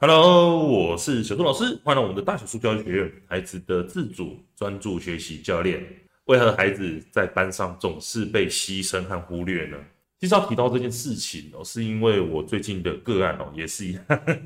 哈嘍，我是小樹老師，歡迎來到我們的大小樹教育學院，孩子的自主專注學習教練。為何孩子在班上總是被犧牲和忽略呢？其實要提到這件事情哦，是因為我最近的個案哦也是一樣。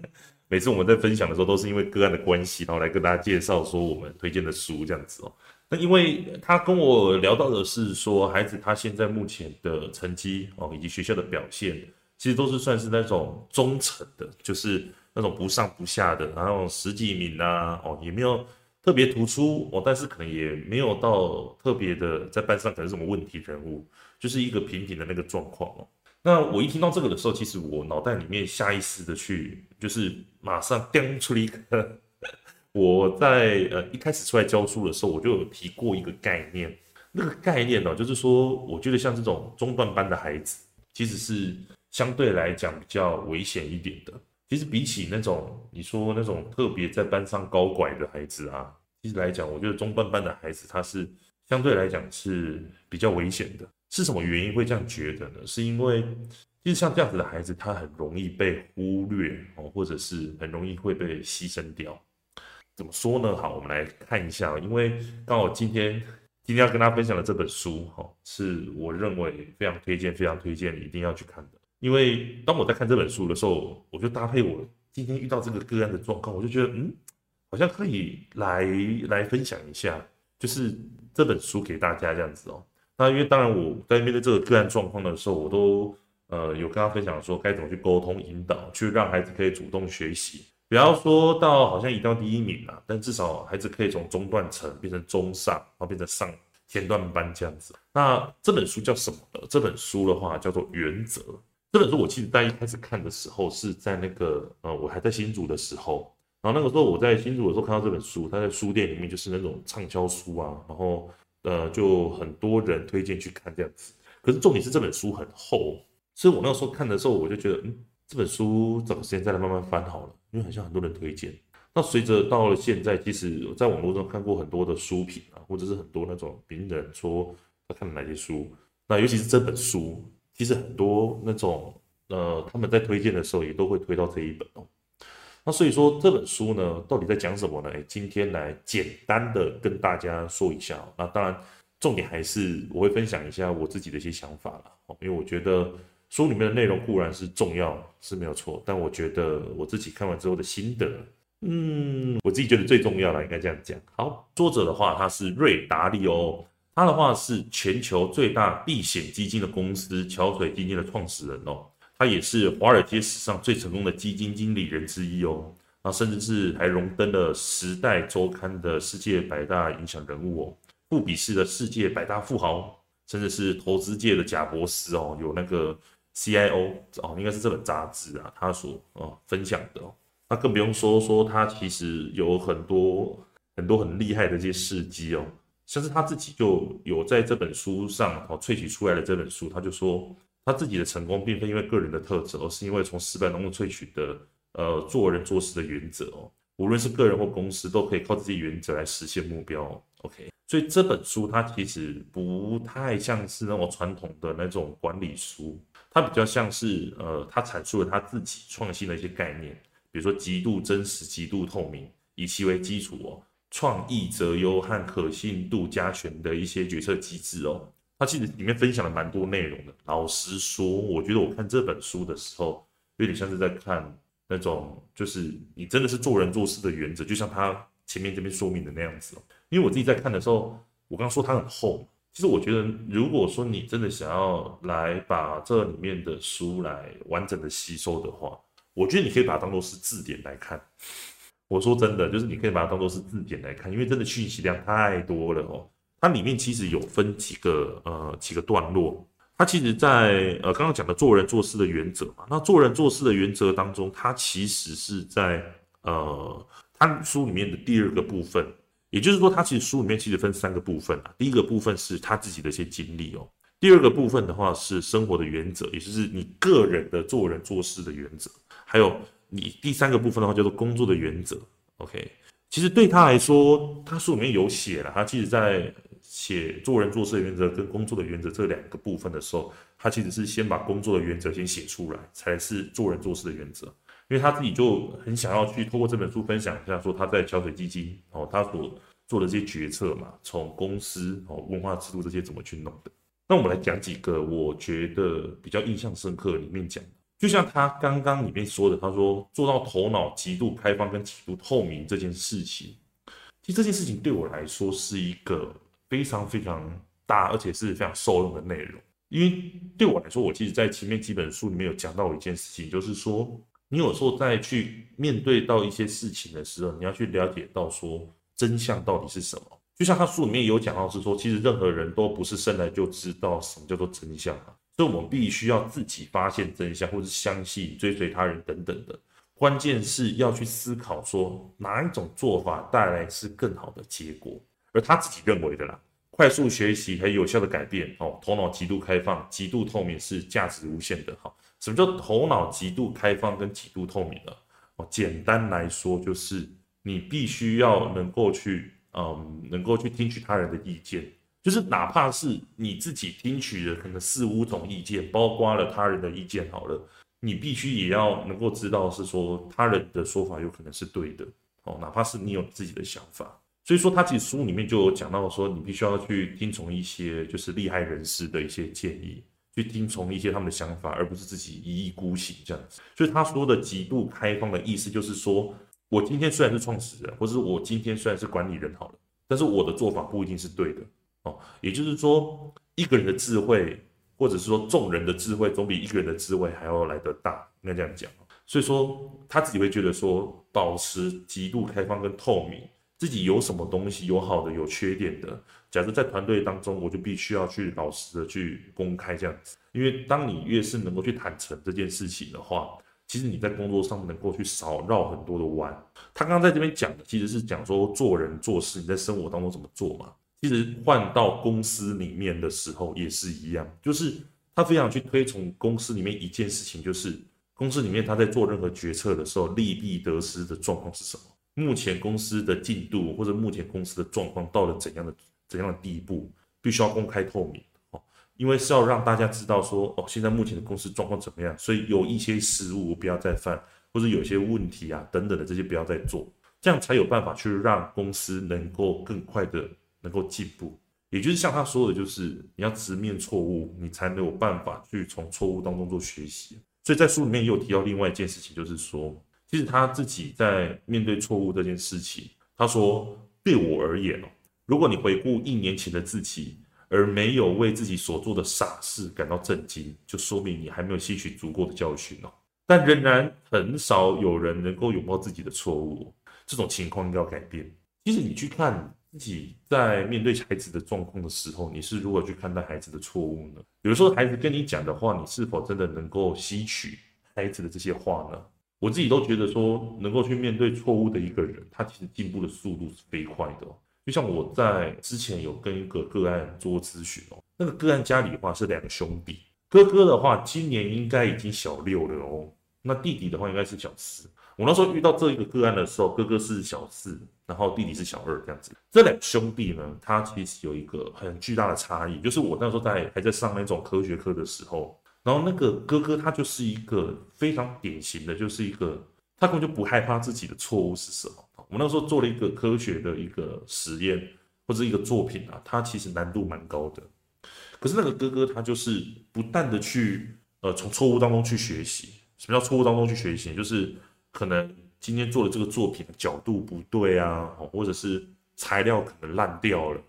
每次我們在分享的時候，都是因為個案的關係，然後來跟大家介紹說我們推薦的書這樣子哦。那因為他跟我聊到的是說，孩子他現在目前的成績哦以及學校的表現，其實都是算是那種中層的，就是。那種不上不下的，然後十幾名吶、啊，哦，也沒有特別突出哦，但是可能也沒有到特別的在班上，可能是什麼問題人物，就是一個平平的那個狀況哦。那我一聽到這個的時候，其實我腦袋裡面下意識的去，就是馬上掂出了一個， 我在呃一開始出來教書的時候，我就有提過一個概念，那個概念呢、哦，就是說，我覺得像這種中段班的孩子，其實是相對來講比較危險一點的。其實比起那種你說那種特別在班上搞怪的孩子啊，其實來講，我覺得中段班的孩子他是相對來講是比較危險的。是什麼原因會這樣覺得呢？是因為就是像這樣子的孩子，他很容易被忽略哦，或者是很容易會被犧牲掉。怎麼說呢？好，我們來看一下，因為剛好今天今天要跟大家分享的這本書，哈，是我認為非常推薦、非常推薦，一定要去看的。因為當我在看這本書的時候，我就搭配我今天遇到這個個案的狀況，我就覺得，嗯，好像可以來來分享一下，就是這本書給大家這樣子哦。那因為當然我在面對這個個案狀況的時候，我都呃有跟他分享說該怎麼去溝通引導，去讓孩子可以主動學習，不要說到好像移到第一名啊，但至少孩子可以從中段層變成中上，然後變成上前段班這樣子。那這本書叫什麼呢？這本書的話叫做《原則》。這本書我其實在一開始看的時候是在那個呃，我還在新竹的時候，然後那個時候我在新竹的時候看到這本書，它在書店裡面就是那種暢銷書啊，然後呃就很多人推薦去看這樣子。可是重點是這本書很厚，所以我那時候看的時候我就覺得，嗯，這本書找個時間再來慢慢翻好了，因為好像很多人推薦。那隨着到了現在，其實我在網絡中看過很多的書評啊，或者是很多那種名人說他看了哪些書，那尤其是這本書。其實很多那種呃，他們在推薦的時候也都會推到這一本哦。那所以說這本書呢，到底在講什麼呢？誒，今天來簡單的跟大家說一下哦。那當然，重點還是我會分享一下我自己的一些想法了。因為我覺得書裡面的內容固然是重要，是沒有錯。但我覺得我自己看完之後的心得，嗯，我自己覺得最重要的，應該這樣講。好，作者的話，他是瑞達利歐哦。他的話是全球最大避險基金的公司橋水基金的創始人哦，他也是華爾街史上最成功的基金經理人之一哦，那、啊、甚至是還榮登了時代週刊的世界百大影響人物哦，富比士的世界百大富豪，甚至是投資界的賈伯斯哦，有那個 CIO 哦，應該是這本雜誌啊，他所啊、哦、分享的哦，那、啊、更不用說說他其實有很多很多很厲害的這些事蹟哦。像是他自己就有在這本書上哦，萃取出來的這本書，他就說他自己的成功並非因為個人的特質，而是因為從失敗當中萃取的呃做人做事的原則哦，無論是個人或公司都可以靠自己原則來實現目標。OK，所以這本書它其實不太像是那種傳統的那種管理書，它比較像是呃他闡述了他自己創新的一些概念，比如說極度真實、極度透明，以其為基礎哦。創意擇優和可信度加權的一些決策機制哦，他其實裡面分享了蠻多內容的。老實說，我覺得我看這本書的時候，有點像是在看那種，就是你真的是做人做事的原則，就像他前面這邊說明的那樣子哦。因為我自己在看的時候，我剛剛說它很厚，其實我覺得，如果說你真的想要來把這裡面的書來完整的吸收的話，我覺得你可以把它當做是字典來看。我說真的，就是你可以把它當做是字典來看，因為真的信息量太多了哦。它裡面其實有分幾個呃幾個段落，它其實在，在呃剛剛講的做人做事的原則嘛。那做人做事的原則當中，它其實是在呃它書裡面的第二個部分，也就是說，它其實書裡面其實分三個部分啊。第一個部分是他自己的一些經歷哦，第二個部分的話是生活的原則，也就是你個人的做人做事的原則，還有。你第三個部分的話，叫做工作的原則。OK，其實對他來說，他書裡面有寫啦，他其實在寫做人做事的原則跟工作的原則這兩個部分的時候，他其實是先把工作的原則先寫出來，才是做人做事的原則。因為他自己就很想要去通過這本書分享一下，說他在橋水基金哦，他所做的這些決策嘛，從公司哦文化、制度這些怎麼去弄的。那我們來講幾個我覺得比較印象深刻裡面講。就像他剛剛裡面說的，他說，做到頭腦極度開放跟極度透明這件事情，其實這件事情對我來說是一個非常非常大，而且是非常受用的內容。因為對我來說，我其實在前面幾本書裡面有講到一件事情，就是說你有時候在去面對到一些事情的時候，你要去了解到說真相到底是什麼。就像他書裡面有講到是說，其實任何人都不是生來就知道什麼叫做真相啊。我們必須要自己發現真相，或者相信、追隨他人等等的。關鍵是要去思考，說哪一種做法帶來是更好的結果。而他自己認為的啦，快速學習和有效的改變，哦，頭腦極度開放、極度透明是價值無限的。哈，什麼叫頭腦極度開放跟極度透明呢？哦，簡單來說就是你必須要能夠去，嗯，能夠去聽取他人的意見。就是哪怕是你自己聽取的，可能四五種意見，包括了他人的意見好了，你必須也要能夠知道是說他人的說法有可能是對的哦，哪怕是你有自己的想法。所以說他其實書裡面就有講到說，你必須要去聽從一些就是厲害人士的一些建議，去聽從一些他們的想法，而不是自己一意孤行這樣子。所以他說的極度開放的意思就是說，我今天雖然是創始人，或者是我今天雖然是管理人好了，但是我的做法不一定是對的。哦，也就是說，一個人的智慧，或者是說眾人的智慧，總比一個人的智慧還要來得大，應該這樣講。所以說，他自己會覺得說，保持極度開放跟透明，自己有什麼東西，有好的，有缺點的。假設在團隊當中，我就必須要去老實的去公開這樣子，因為當你越是能夠去坦誠這件事情的話，其實你在工作上能夠去少繞很多的彎。他剛剛在這邊講的，其實是講說做人做事你在生活當中怎麼做嘛。其實換到公司裡面的時候也是一樣，就是他非常去推崇公司裡面一件事情，就是公司裡面他在做任何決策的時候，利弊得失的狀況是什麼？目前公司的進度或者目前公司的狀況到了怎樣的怎樣的地步，必須要公開透明哦，因為是要讓大家知道說哦，現在目前的公司狀況怎麼樣？所以有一些失誤不要再犯，或者有些問題啊等等的這些不要再做，這樣才有辦法去讓公司能夠更快的。能夠進步，也就是像他說的，就是你要直面錯誤，你才能有辦法去從錯誤當中做學習。所以在書裡面也有提到另外一件事情，就是說，其實他自己在面對錯誤這件事情，他說：“對我而言哦，如果你回顧一年前的自己，而沒有為自己所做的傻事感到震驚，就說明你還沒有吸取足夠的教訓哦。但仍然很少有人能夠擁抱自己的錯誤哦，這種情況一定要改變。其實你去看。”自己在面對孩子的狀況的時候，你是如何去看待孩子的錯誤呢？比如說孩子跟你講的話，你是否真的能夠吸取孩子的這些話呢？我自己都覺得說，能夠去面對錯誤的一個人，他其實進步的速度是飛快的哦。就像我在之前有跟一個個案做諮詢哦，那個個案家裡的話是兩兄弟，哥哥的話今年應該已經小六了哦。那弟弟的話應該是小四。我那時候遇到這一個個案的時候，哥哥是小四，然後弟弟是小二這樣子。這兩兄弟呢，他其實有一個很巨大的差異，就是我那時候在還在上那種科學課的時候，然後那個哥哥他就是一個非常典型的，就是一個他根本就不害怕自己的錯誤是什麼。我們那時候做了一個科學的一個實驗或者一個作品啊，他其實難度蠻高的，可是那個哥哥他就是不斷的去呃，從錯誤當中去學習。什麼叫錯誤當中去學習？就是可能今天做的這個作品的角度不對啊，或者是材料可能爛掉了，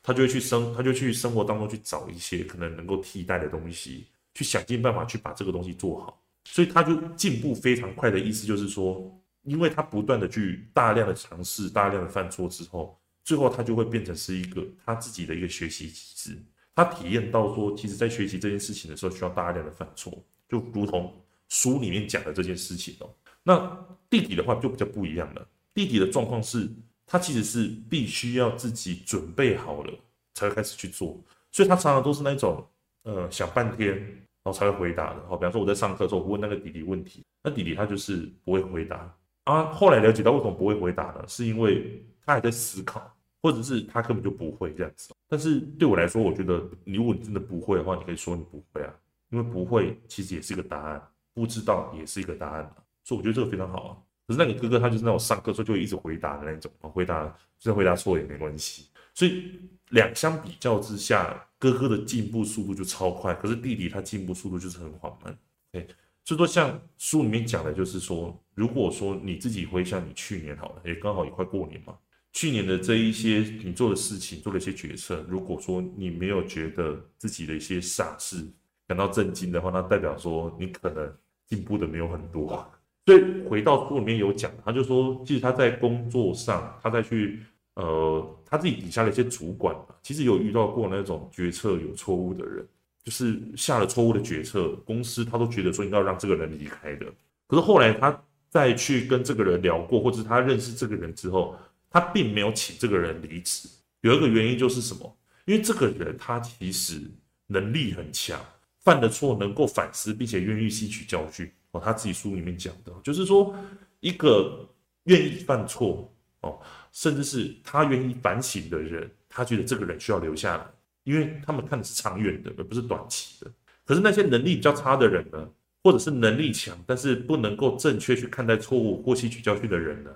他就會去生，他就去生活當中去找一些可能能夠替代的東西，去想盡辦法去把這個東西做好。所以他就進步非常快的意思就是說，因為他不斷的去大量的嘗試，大量的犯錯之後，最後他就會變成是一個他自己的一個學習機制。他體驗到說，其實在學習這件事情的時候，需要大量的犯錯，就如同。書裡面講的這件事情哦，那弟弟的話就比較不一樣了。弟弟的狀況是，他其實是必須要自己準備好了，才會開始去做。所以，他常常都是那種，呃，想半天，然後才會回答的。好，比方說我在上課的時候，我問那個弟弟問題，那弟弟他就是不會回答。啊，後來了解到為什麼不會回答呢？是因為他還在思考，或者是他根本就不會，這樣子。但是對我來說，我覺得你如果你真的不會的話，你可以說你不會啊，因為不會其實也是一個答案。不知道也是一個答案，所以我覺得這個非常好啊。可是那個哥哥他就是那種上課時候就會一直回答的那種啊，回答就回答錯也沒關係。所以兩相比較之下，哥哥的進步速度就超快，可是弟弟他進步速度就是很緩慢。哎，所以說像書裡面講的就是說，如果說你自己回想你去年好了，也剛好也快過年嘛，去年的這一些你做的事情，做了一些決策，如果說你沒有覺得自己的一些傻事，感到震驚的話，那代表說你可能進步的沒有很多。所以回到書裡面有講，他就說，其實他在工作上，他在去呃他自己底下的一些主管，其實有遇到過那種決策有錯誤的人，就是下了錯誤的決策，公司他都覺得說應該讓這個人離開的。可是後來他再去跟這個人聊過，或者是他認識這個人之後，他並沒有請這個人離職。有一個原因就是什麼？因為這個人他其實能力很強。犯的錯能夠反思，並且願意吸取教訓哦。他自己書裡面講的，就是說一個願意犯錯哦，甚至是他願意反省的人，他覺得這個人需要留下來，因為他們看的是長遠的，而不是短期的。可是那些能力比較差的人呢，或者是能力強但是不能夠正確去看待錯誤或吸取教訓的人呢，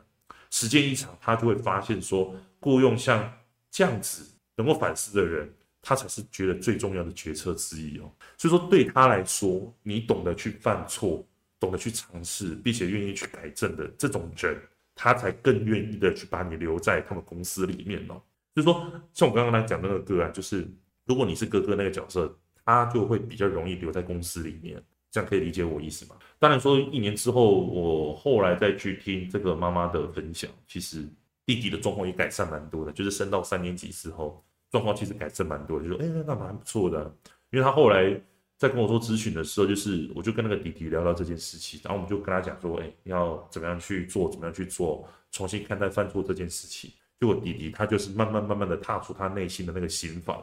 時間一長，他就會發現說，僱傭像這樣子能夠反思的人。他才是覺得最重要的決策之一哦，所以說，對他來說，你懂得去犯錯，懂得去嘗試，並且願意去改正的這種人，他才更願意的去把你留在他們公司裡面哦。就是說，像我剛剛來講那個哥啊，就是如果你是哥哥那個角色，他就會比較容易留在公司裡面，這樣可以理解我意思嗎？當然說，一年之後我後來再去聽這個媽媽的分享，其實弟弟的狀況也改善蠻多的，就是升到三年級之後。狀況其實改正蠻多的，就說哎、欸，那蠻不錯的啊。因為他後來在跟我做諮詢的時候，就是我就跟那個弟弟聊到這件事情，然後我們就跟他講說，哎、欸，你要怎麼樣去做，怎麼樣去做，重新看待犯錯這件事情。結果弟弟，他就是慢慢慢慢的踏出他內心的那個心房，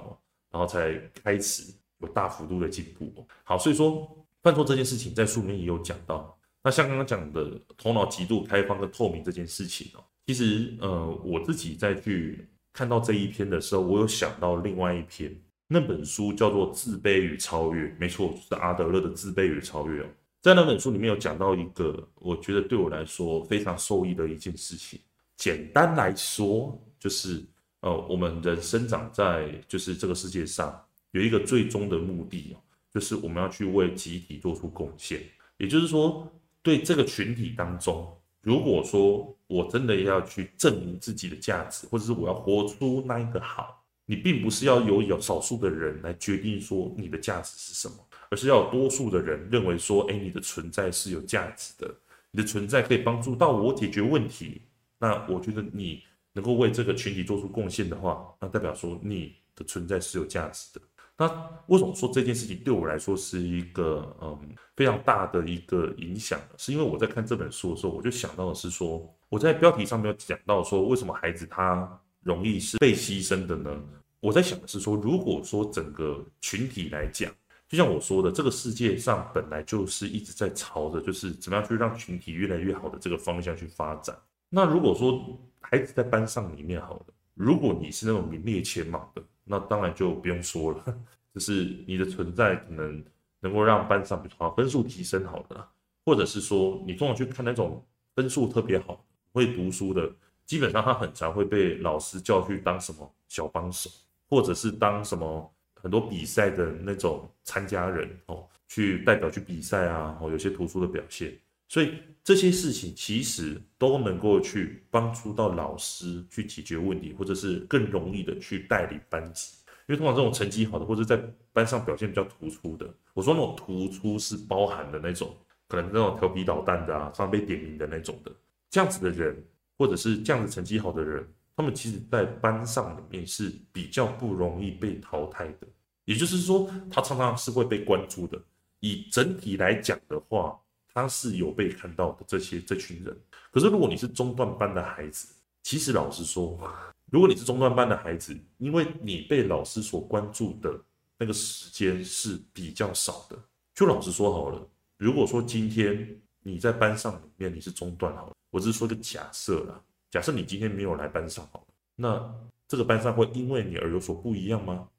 然後才開始有大幅度的進步。好，所以說犯錯這件事情，在書裡面也有講到。那像剛剛講的頭腦極度開放跟透明這件事情，其實呃，我自己再去。看到這一篇的時候，我有想到另外一篇，那本書叫做《自卑與超越》，沒錯，是阿德勒的《自卑與超越》哦。在那本書裡面有講到一個，我覺得對我來說非常受益的一件事情。簡單來說，就是呃，我們的人生長在就是這個世界上，有一個最終的目的，就是我們要去為集體做出貢獻。也就是說，對這個群體當中，如果說我真的要去證明自己的價值，或者是我要活出那一個好。你並不是要有有少數的人來決定說你的價值是什麼，而是要有多數的人認為說，哎、欸，你的存在是有價值的，你的存在可以幫助到我解決問題。那我覺得你能夠為這個群體做出貢獻的話，那代表說你的存在是有價值的。那為什麼說這件事情對我來說是一個嗯非常大的一個影響呢？是因為我在看這本書的時候，我就想到的是說，我在標題上面有講到說，為什麼孩子他容易是被犧牲的呢？我在想的是說，如果說整個群體來講，就像我說的，這個世界上本來就是一直在朝着就是怎麼樣去讓群體越來越好的這個方向去發展。那如果說孩子在班上裡面好的，如果你是那種名列前茅的。那當然就不用說了，就是你的存在可能能夠讓班上比如說分數提升好了，或者是說你跟我去看那種分數特別好，會讀書的，基本上他很常會被老師叫去當什麼小幫手，或者是當什麼很多比賽的那種參加人哦，去代表去比賽啊，哦有些突出的表現。所以這些事情其實都能夠去幫助到老師去解決問題，或者是更容易的去帶領班級。因為通常這種成績好的，或者是在班上表現比較突出的，我說那種突出是包含的那種，可能那種調皮搗蛋的啊，常常被點名的那種的，這樣子的人，或者是這樣子成績好的人，他們其實在班上裡面是比較不容易被淘汰的。也就是說，他常常是會被關注的。以整體來講的話。他是有被看到的這些這群人，可是如果你是中段班的孩子，其實老實說，如果你是中段班的孩子，因為你被老師所關注的那個時間是比較少的，就老實說好了。如果說今天你在班上裡面你是中段好了，我只是說一個假設啦，假設你今天沒有來班上好了，那這個班上會因為你而有所不一樣嗎？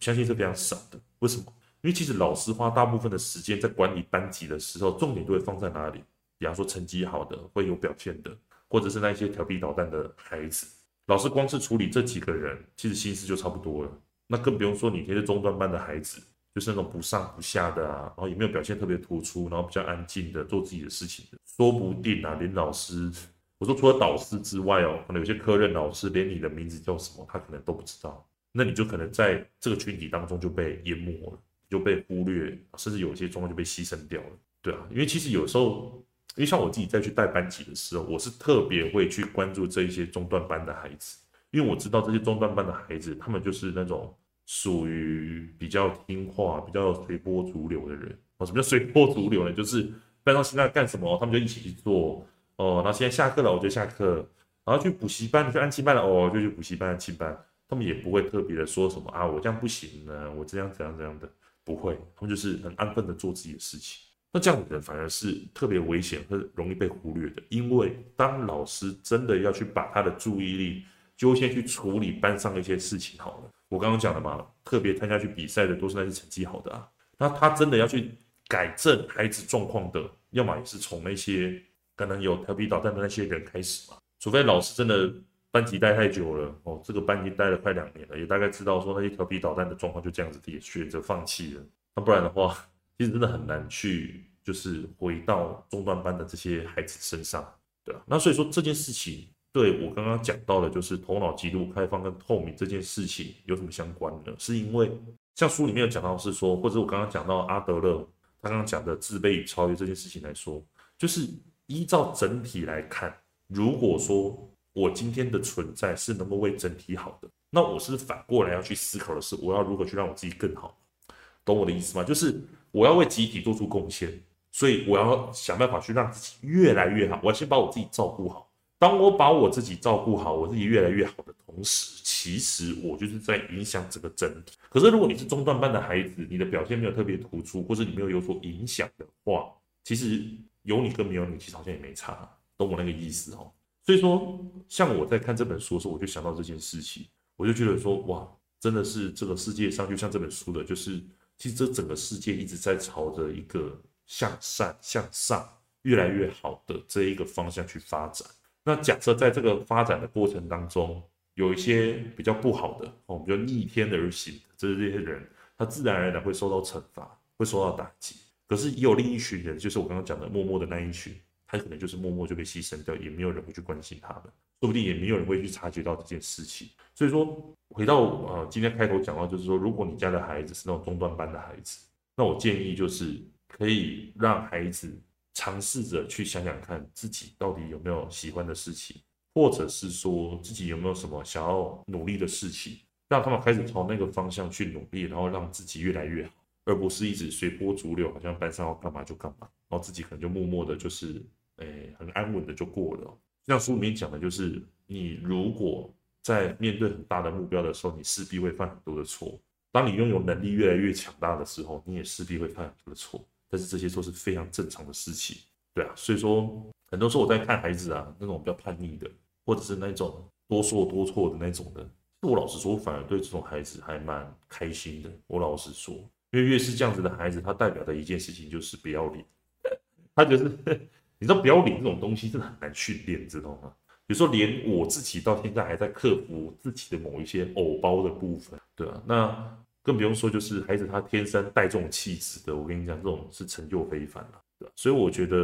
相信是非常少的。為什麼？因為其實老師花大部分的時間在管理班級的時候，重點都會放在哪裡？比方說成績好的會有表現的，或者是那一些調皮搗蛋的孩子，老師光是處理這幾個人，其實心思就差不多了。那更不用說你這些中段班的孩子，就是那種不上不下的啊，然後也沒有表現特別突出，然後比較安靜的做自己的事情的，說不定啊，連老師，我說除了導師之外哦，可能有些科任老師連你的名字叫什麼，他可能都不知道，那你就可能在這個群體當中就被淹沒了。就被忽略，甚至有些狀況就被犧牲掉了，對啊，因為其實有時候，因為像我自己在去帶班級的時候，我是特別會去關注這一些中段班的孩子，因為我知道這些中段班的孩子，他們就是那種屬於比較聽話、比較隨波逐流的人。哦，什麼叫隨波逐流呢？就是班上現在幹什麼，哦，他們就一起去做哦。那現在下課了，我就下課，然後去補習班、去安親班了哦，我就去補習班、安親班。他們也不會特別的說什麼啊，我這樣不行呢，我這樣怎樣怎樣的。不會，他們就是很安分的做自己的事情。那這樣的人反而是特別危險和容易被忽略的，因為當老師真的要去把他的注意力優先去處理班上的一些事情，好了，我剛剛講的嘛，特別參加去比賽的都是那些成績好的啊，那他真的要去改正孩子狀況的，要麼也是從那些可能有調皮搗蛋的那些人開始嘛，除非老師真的班級待太久了哦，這個班級待了快兩年了，也大概知道說那些調皮搗蛋的狀況就這樣子，也選擇放棄了。那不然的話，其實真的很難去，就是回到中段班的這些孩子身上，對啊，那所以說這件事情，對我剛剛講到的，就是頭腦極度開放跟透明這件事情有什麼相關呢？是因為像書裡面有講到是說，或者我剛剛講到阿德勒他剛剛講的自卑與超越這件事情來說，就是依照整體來看，如果說。我今天的存在是能夠為整體好的，那我是反過來要去思考的是，我要如何去讓我自己更好，懂我的意思嗎？就是我要為集體做出貢獻，所以我要想辦法去讓自己越來越好。我要先把我自己照顧好，當我把我自己照顧好，我自己越來越好的同時，其實我就是在影響整個整體。可是如果你是中段班的孩子，你的表現沒有特別突出，或是你沒有有所影響的話，其實有你跟沒有你，其實好像也沒差，懂我那個意思哦。所以說，像我在看這本書的時候，我就想到這件事情，我就覺得說，哇，真的是這個世界上，就像這本書的，就是其實這整個世界一直在朝着一個向善、向上、越來越好的這一個方向去發展。那假設在這個發展的過程當中，有一些比較不好的，哦，我們就逆天而行的，就是這些人，他自然而然會受到懲罰，會受到打擊。可是也有另一群人，就是我剛剛講的默默的那一群。他可能就是默默就被犧牲掉，也沒有人會去關心他們，說不定也沒有人會去察覺到這件事情。所以說，回到呃，今天開頭講到，就是說，如果你家的孩子是那種中段班的孩子，那我建議就是可以讓孩子嘗試着去想想看，自己到底有沒有喜歡的事情，或者是說自己有沒有什麼想要努力的事情，讓他們開始朝那個方向去努力，然後讓自己越來越好，而不是一直隨波逐流，好像班上要幹嘛就幹嘛，然後自己可能就默默的就是。誒，很安穩的就過了哦。像書裡面講的，就是你如果在面對很大的目標的時候，你勢必會犯很多的錯。當你擁有能力越來越強大的時候，你也勢必會犯很多的錯。但是這些都是非常正常的事情，對啊。所以說，很多時候我在看孩子啊，那種比較叛逆的，或者是那種多說多錯的那種的，我老實說，我反而對這種孩子還蠻開心的。我老實說，因為越是這樣子的孩子，他代表的一件事情就是不要臉，他就是。你知道不要臉這種東西真的很難訓練，知道嗎？比如說，連我自己到現在還在克服自己的某一些“偶包”的部分，對吧、啊？那更不用說，就是孩子他天生帶這種氣質的，我跟你講，這種是成就非凡的，對、啊、所以我覺得，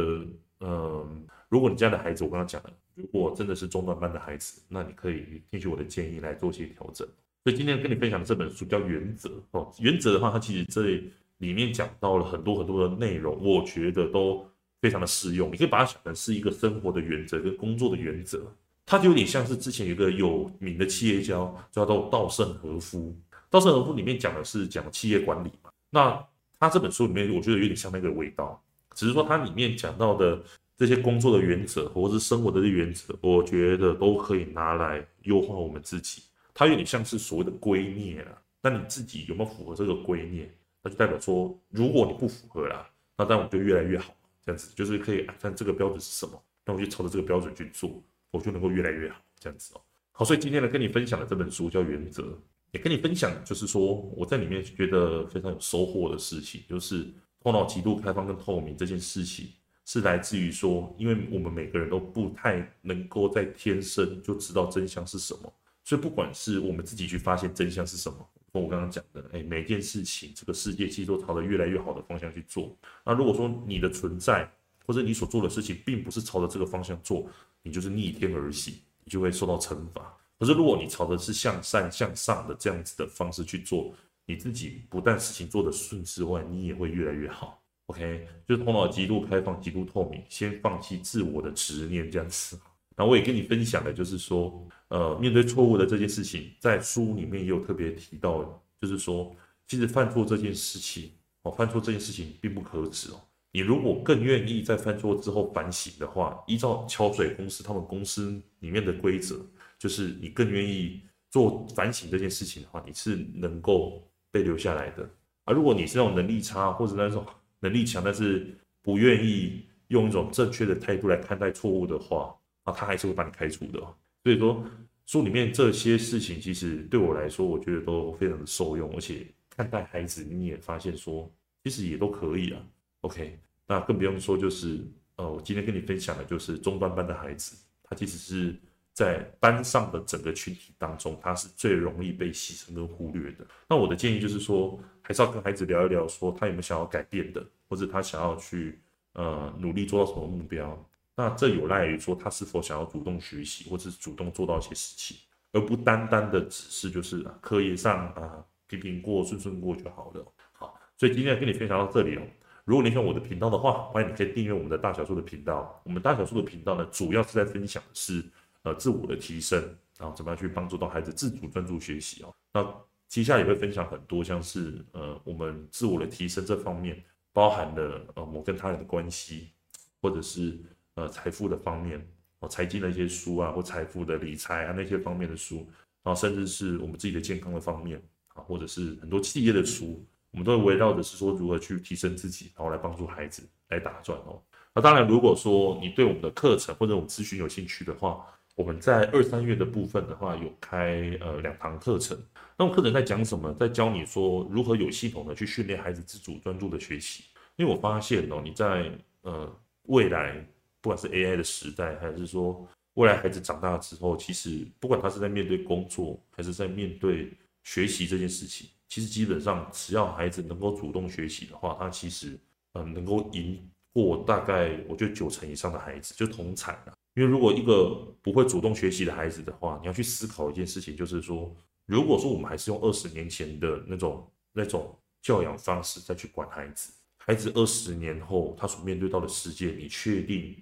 嗯、呃，如果你家的孩子，我剛剛講了，如果真的是中段班的孩子，那你可以聽取我的建議來做一些調整。所以今天跟你分享的這本書叫《原則》哦，《原則》的話，它其實這裡面講到了很多很多的內容，我覺得都。非常的實用，你可以把它想成是一個生活的原則跟工作的原則，它就有點像是之前有一個有名的企業家叫做稻盛和夫，稻盛和夫裡面講的是講企業管理嘛，那他這本書裡面我覺得有點像那個味道，只是說它裡面講到的這些工作的原則或者是生活的原則，我覺得都可以拿來優化我們自己，它有點像是所謂的圭臬啊，那你自己有沒有符合這個圭臬？那就代表說，如果你不符合啦，那當然我們就越來越好。這樣子就是可以看，啊，這個標準是什麼，那我就朝着這個標準去做，我就能夠越來越好，這樣子哦。好，所以今天呢跟你分享的這本書叫《原則》，也跟你分享，就是說我在裡面覺得非常有收穫的事情，就是頭腦極度開放跟透明這件事情，是來自於說，因為我們每個人都不太能夠在天生就知道真相是什麼，所以不管是我們自己去發現真相是什麼。我剛剛講的，哎，每件事情，這個世界其實都朝着越來越好的方向去做。那如果說你的存在或者你所做的事情，並不是朝着這個方向做，你就是逆天而行，你就會受到懲罰。可是如果你朝的是向善向上的這樣子的方式去做，你自己不但事情做得順之外，你也會越來越好。OK，就是頭腦極度開放、極度透明，先放棄自我的執念，這樣子。那我也跟你分享的就是說，呃，面對錯誤的這件事情，在書裡面也有特別提到，就是說，其實犯錯這件事情，哦，犯錯這件事情並不可恥哦。你如果更願意在犯錯之後反省的話，依照橋水公司他們公司裡面的規則，就是你更願意做反省這件事情的話，你是能夠被留下來的。啊，如果你是那種能力差，或者是那種能力強但是不願意用一種正確的態度來看待錯誤的話，啊，他還是會把你開除的。所以說，書裡面這些事情，其實對我來說，我覺得都非常的受用，而且看待孩子，你也發現說，其實也都可以啊。OK，那更不用說就是，呃，我今天跟你分享的就是中段班的孩子，他其實是在班上的整個群體當中，他是最容易被犧牲跟忽略的。那我的建議就是說，還是要跟孩子聊一聊，說他有沒有想要改變的，或者他想要去呃努力做到什麼目標。那這有賴於說他是否想要主動學習，或者是主動做到一些事情，而不單單的只是就是課業上啊，平平過、順順過就好了。好，所以今天跟你分享到這裡哦。如果你喜歡我的頻道的話，歡迎你可以訂閱我們的大小樹的頻道。我們大小樹的頻道呢，主要是在分享是呃自我的提升，然後怎麼樣去幫助到孩子自主專注學習哦。那接下來也會分享很多像是呃我們自我的提升這方面，包含了呃我跟他人的關係，或者是。呃，財富的方面，哦，財經的一些書啊，或財富的理財啊那些方面的書，然後甚至是我們自己的健康的方面啊，或者是很多企業的書，我們都會圍繞着是說如何去提升自己，然後來幫助孩子來打轉哦。那當然，如果說你對我們的課程或者我們諮詢有興趣的話，我們在二三月的部分的話有開呃兩堂課程。那我們課程在講什麼？在教你說如何有系統的去訓練孩子自主專注的學習。因為我發現哦，你在呃未來。不管是 AI 的時代，還是說未來孩子長大之後，其實不管他是在面對工作，還是在面對學習這件事情，其實基本上只要孩子能夠主動學習的話，他其實嗯、呃、能夠贏過大概我覺得九成以上的孩子就同產啦。因為如果一個不會主動學習的孩子的話，你要去思考一件事情，就是說如果說我們還是用二十年前的那種那種教養方式再去管孩子。孩子二十年後他所面對到的世界，你確定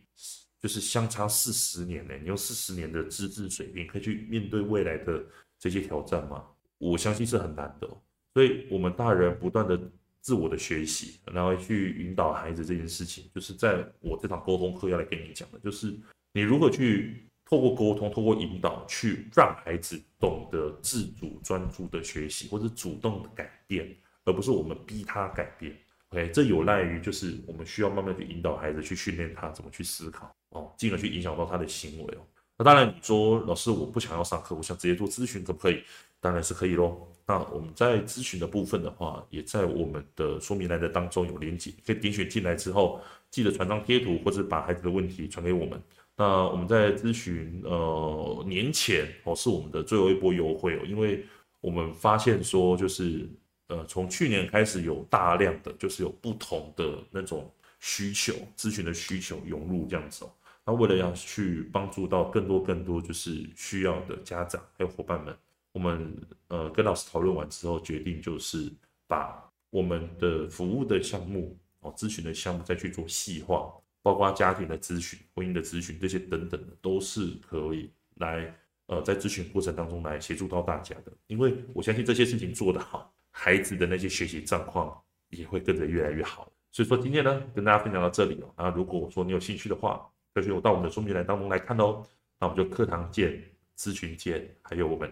就是相差四十年呢？你用四十年的資質水平可以去面對未來的這些挑戰嗎？我相信是很難的。所以，我們大人不斷的自我的學習，然後去引導孩子這件事情，就是在我這堂溝通課要來跟你講的，就是你如何去透過溝通、透過引導，去讓孩子懂得自主、專注的學習，或者主動的改變，而不是我們逼他改變。誒，okay, 這有賴於就是我們需要慢慢去引導孩子去訓練他怎麼去思考哦，進而去影響到他的行為哦。那當然，你說，老師我不想要上課，我想直接做諮詢，可不可以？當然是可以嘍。那我們在諮詢的部分的話，也在我們的說明欄的當中有連接，可以點選進來之後，記得傳張貼圖或者把孩子的問題傳給我們。那我們在諮詢，呃，年前哦是我們的最後一波優惠哦，因為我們發現說就是。呃，從去年開始有大量的，就是有不同的那種需求、諮詢的需求湧入這樣子哦。那為了要去幫助到更多、更多就是需要的家長還有夥伴們，我們呃跟老師討論完之後，決定就是把我們的服務的項目哦、諮詢的項目再去做細化，包括家庭的諮詢、婚姻的諮詢這些等等的，都是可以來呃在諮詢過程當中來協助到大家的。因為我相信這些事情做得好。孩子的那些學習狀況也會跟着越來越好。所以說今天呢，跟大家分享到這裡哦。然後如果我說你有興趣的話，可以到我們的說明欄當中來看哦。那我們就課堂見、諮詢見，還有我們。